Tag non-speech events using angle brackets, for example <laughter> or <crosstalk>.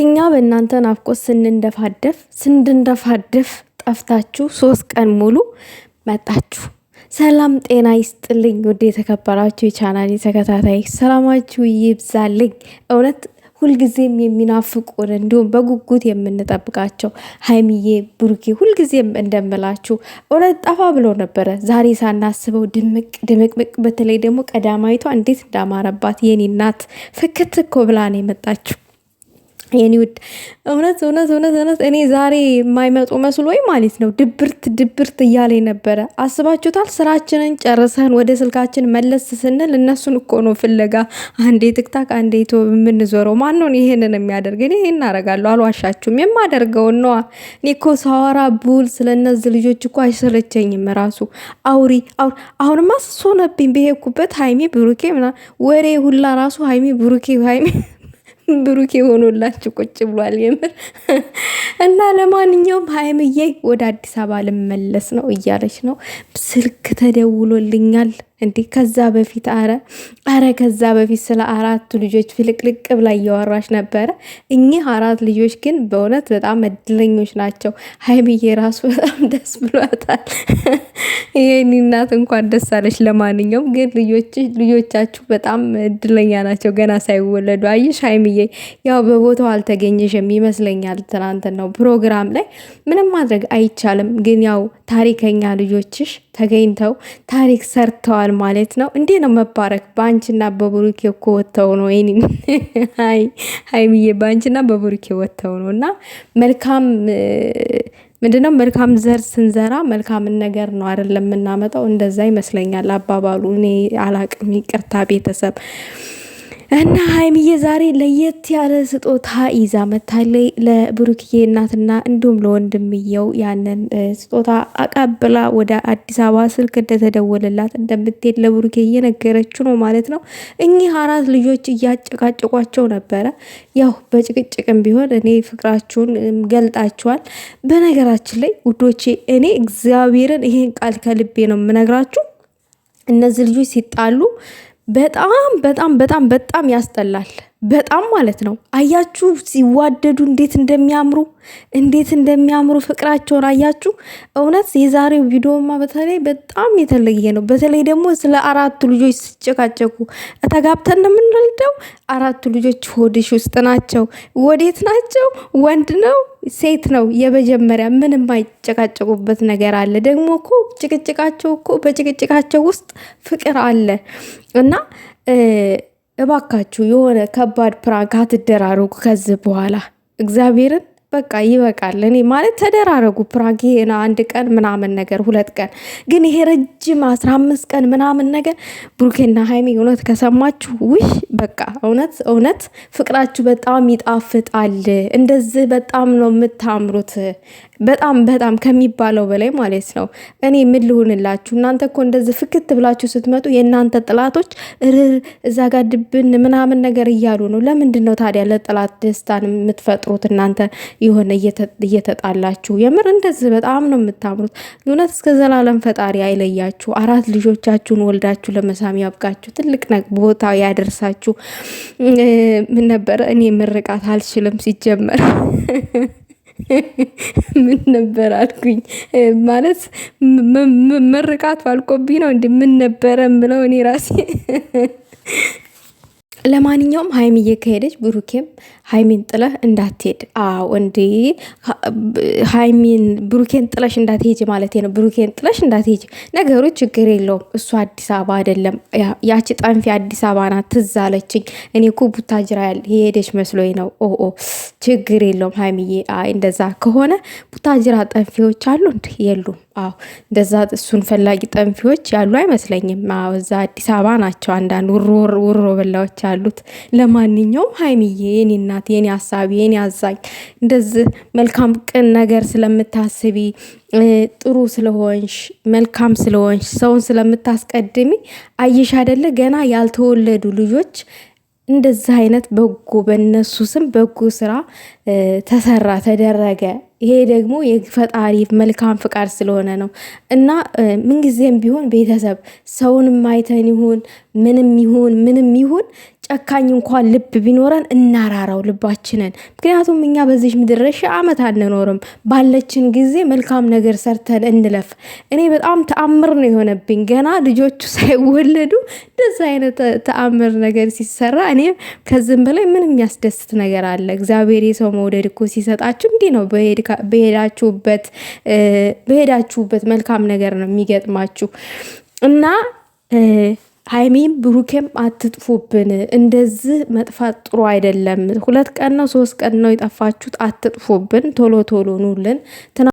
እኛ በእናንተ ናፍቆት ስንንደፋደፍ ስንድንደፋደፍ ጠፍታችሁ ሶስት ቀን ሙሉ መጣችሁ። ሰላም ጤና ይስጥልኝ። ውድ የተከበራችሁ የቻናል ተከታታይ ሰላማችሁ ይብዛልኝ። እውነት ሁልጊዜም የሚናፍቁን እንዲሁም በጉጉት የምንጠብቃቸው ሀይሚዬ፣ ብሩኬ ሁልጊዜም እንደምላችሁ እውነት ጠፋ ብሎ ነበረ። ዛሬ ሳናስበው ድምቅ ድምቅምቅ። በተለይ ደግሞ ቀዳማዊቷ እንዴት እንዳማረባት የኔ እናት ፍክት እኮ ብላ ነው የመጣችሁ። የኔ ውድ እውነት እውነት እውነት እውነት እኔ ዛሬ የማይመጡ ወይ ማለት ነው። ድብርት ድብርት እያለ ነበረ። አስባችሁታል? ስራችንን ጨርሰን ወደ ስልካችን መለስ ስንል እነሱን እኮ ነው ፍለጋ አንዴ ትክታክ አንዴ ቶ የምንዞረው። ማነውን ይሄንን የሚያደርግ? እኔ ይሄን አረጋለሁ፣ አልዋሻችሁም። የማደርገውን ነዋ። እኔ እኮ ቡል ስለነዚህ ልጆች እኮ አይሰለቸኝም። ራሱ አውሪ አውሪ። አሁንማ ሶነብኝ ብሄኩበት ሀይሚ ብሩኬ ምናምን ወሬ ሁላ ራሱ ሀይሜ ብሩኬ ሀይሜ ብሩኬ ሆኖላችሁ ቁጭ ብሏል። የምር እና ለማንኛውም ሀይምዬ ወደ አዲስ አበባ ልመለስ ነው እያለች ነው። ስልክ ተደውሎልኛል። እንዲህ ከዛ በፊት አረ አረ ከዛ በፊት ስለ አራቱ ልጆች ፍልቅልቅ ብላ እያወራች ነበረ። እኚህ አራት ልጆች ግን በእውነት በጣም እድለኞች ናቸው። ሀይምዬ ራሱ በጣም ደስ ብሏታል። ይህን እናት እንኳን ደስ አለች። ለማንኛውም ግን ልጆቻችሁ በጣም እድለኛ ናቸው፣ ገና ሳይወለዱ። አየሽ ሀይምዬ፣ ያው በቦታው አልተገኘሽም ይመስለኛል። ትናንትና ነው ፕሮግራም ላይ ምንም ማድረግ አይቻልም። ግን ያው ታሪከኛ ልጆችሽ ተገኝተው ታሪክ ሰርተዋል ይሆናል ማለት ነው። እንዴ ነው መባረክ በአንችና በቡሩኬ እኮ ወጥተው ነው <laughs> ይኒ ሀይሚዬ በአንቺና በቡሩኬ ወጥተው ነው እና መልካም ምንድነው መልካም ዘር ስንዘራ መልካምን ነገር ነው አይደለም የምናመጣው። እንደዛ ይመስለኛል አባባሉ። እኔ አላቅም፣ ይቅርታ ቤተሰብ እና ሀይሚዬ ዛሬ ለየት ያለ ስጦታ ይዛ መታለይ ለብሩክዬ እናትና እንዲሁም ለወንድምየው ያንን ስጦታ አቀብላ ወደ አዲስ አበባ ስልክ እንደተደወለላት እንደምትሄድ ለብሩኬ እየነገረችው ነው ማለት ነው። እኚህ አራት ልጆች እያጨቃጨቋቸው ነበረ። ያው በጭቅጭቅም ቢሆን እኔ ፍቅራችሁን ገልጣችኋል። በነገራችን ላይ ውዶቼ እኔ እግዚአብሔርን ይሄን ቃል ከልቤ ነው የምነግራችሁ እነዚህ ልጆች ሲጣሉ በጣም በጣም በጣም በጣም ያስጠላል። በጣም ማለት ነው። አያችሁ ሲዋደዱ እንዴት እንደሚያምሩ እንዴት እንደሚያምሩ ፍቅራቸውን አያችሁ። እውነት የዛሬው ቪዲዮማ በተለይ በጣም የተለየ ነው። በተለይ ደግሞ ስለ አራቱ ልጆች ሲጨቃጨቁ ተጋብተን ነው አራቱ ልጆች ሆድሽ ውስጥ ናቸው። ወዴት ናቸው? ወንድ ነው ሴት ነው የመጀመሪያ ምን የማይጨቃጨቁበት ነገር አለ? ደግሞ እኮ ጭቅጭቃቸው እኮ በጭቅጭቃቸው ውስጥ ፍቅር አለ እና እባካችሁ የሆነ ከባድ ፕራንክ አትደራረጉ ከዚህ በኋላ እግዚአብሔርን በቃ ይበቃል። እኔ ማለት ተደራረጉ ፕራንክ ይሄን አንድ ቀን ምናምን ነገር ሁለት ቀን ግን ይሄ ረጅም አስራ አምስት ቀን ምናምን ነገር ብሩኬና ሀይሚ እውነት ከሰማችሁ ውሽ በቃ እውነት እውነት ፍቅራችሁ በጣም ይጣፍጣል። እንደዚህ በጣም ነው የምታምሩት። በጣም በጣም ከሚባለው በላይ ማለት ነው። እኔ ምን ልሁንላችሁ? እናንተ እኮ እንደዚህ ፍክት ብላችሁ ስትመጡ የእናንተ ጥላቶች ርር እዛ ጋር ድብን ምናምን ነገር እያሉ ነው። ለምንድን ነው ታዲያ ለጥላት ደስታን የምትፈጥሩት እናንተ? የሆነ እየተጣላችሁ የምር እንደዚህ በጣም ነው የምታምሩት። እውነት እስከ ዘላለም ፈጣሪ አይለያችሁ። አራት ልጆቻችሁን ወልዳችሁ ለመሳም ያብቃችሁ። ትልቅ ቦታ ያደርሳችሁ። ምን ነበረ እኔ ምርቃት አልችልም ሲጀመር <laughs> ምን ነበር አልኩኝ። ማለት ምርቃት ባልቆብኝ ነው እንዲ ምን ነበረ ምለው እኔ ራሴ <laughs> ለማንኛውም ሀይሚዬ ከሄደች ብሩኬም ሀይሚን ጥለህ እንዳትሄድ። አዎ እንዴ ሀይሚን ብሩኬን ጥለሽ እንዳትሄጅ ማለት ነው። ብሩኬን ጥለሽ እንዳትሄጅ ነገሩ ችግር የለውም። እሱ አዲስ አበባ አይደለም። ያቺ ጠንፌ አዲስ አበባ ናት ትዝ አለችኝ። እኔ እኮ ቡታጅራ የሄደች መስሎኝ ነው። ኦ ችግር የለውም ሀይሚዬ። እንደዛ ከሆነ ቡታጅራ ጠንፊዎች አሉ እንዲ የሉም። አዎ እንደዛ እሱን ፈላጊ ጠንፊዎች ያሉ አይመስለኝም። አዎ እዛ አዲስ አበባ ናቸው። አንዳንድ ውሮ በላዎች አሉት። ለማንኛውም ሀይሚዬ የኔ እናት፣ የኔ ሀሳቢ፣ የኔ አዛኝ እንደዚህ መልካም ቅን ነገር ስለምታስቢ ጥሩ ስለሆንሽ መልካም ስለሆንሽ ሰውን ስለምታስቀድሚ አይሽ አይደለ ገና ያልተወለዱ ልጆች እንደዚህ አይነት በጎ በነሱ ስም በጎ ስራ ተሰራ ተደረገ። ይሄ ደግሞ የፈጣሪ መልካም ፍቃድ ስለሆነ ነው እና ምንጊዜም ቢሆን ቤተሰብ ሰውንም ማይተን ይሁን ምንም ይሁን ምንም ይሁን ጨካኝ እንኳን ልብ ቢኖረን እናራራው ልባችንን። ምክንያቱም እኛ በዚህ ምድር ሺ ዓመት አንኖርም። ባለችን ጊዜ መልካም ነገር ሰርተን እንለፍ። እኔ በጣም ተአምር ነው የሆነብኝ። ገና ልጆቹ <laughs> ሳይወለዱ ደዚ አይነት ተአምር ነገር ሲሰራ እኔ ከዚህም በላይ ምን የሚያስደስት ነገር አለ? እግዚአብሔር የሰው መውደድ እኮ ሲሰጣችሁ እንዲህ ነው። በሄዳችሁበት መልካም ነገር ነው የሚገጥማችሁ እና ሀይሜም ብሩኬም አትጥፉብን። እንደዚህ መጥፋት ጥሩ አይደለም። ሁለት ቀን ነው ሶስት ቀን ነው የጠፋችሁት። አትጥፉብን። ቶሎ ቶሎ ኑልን።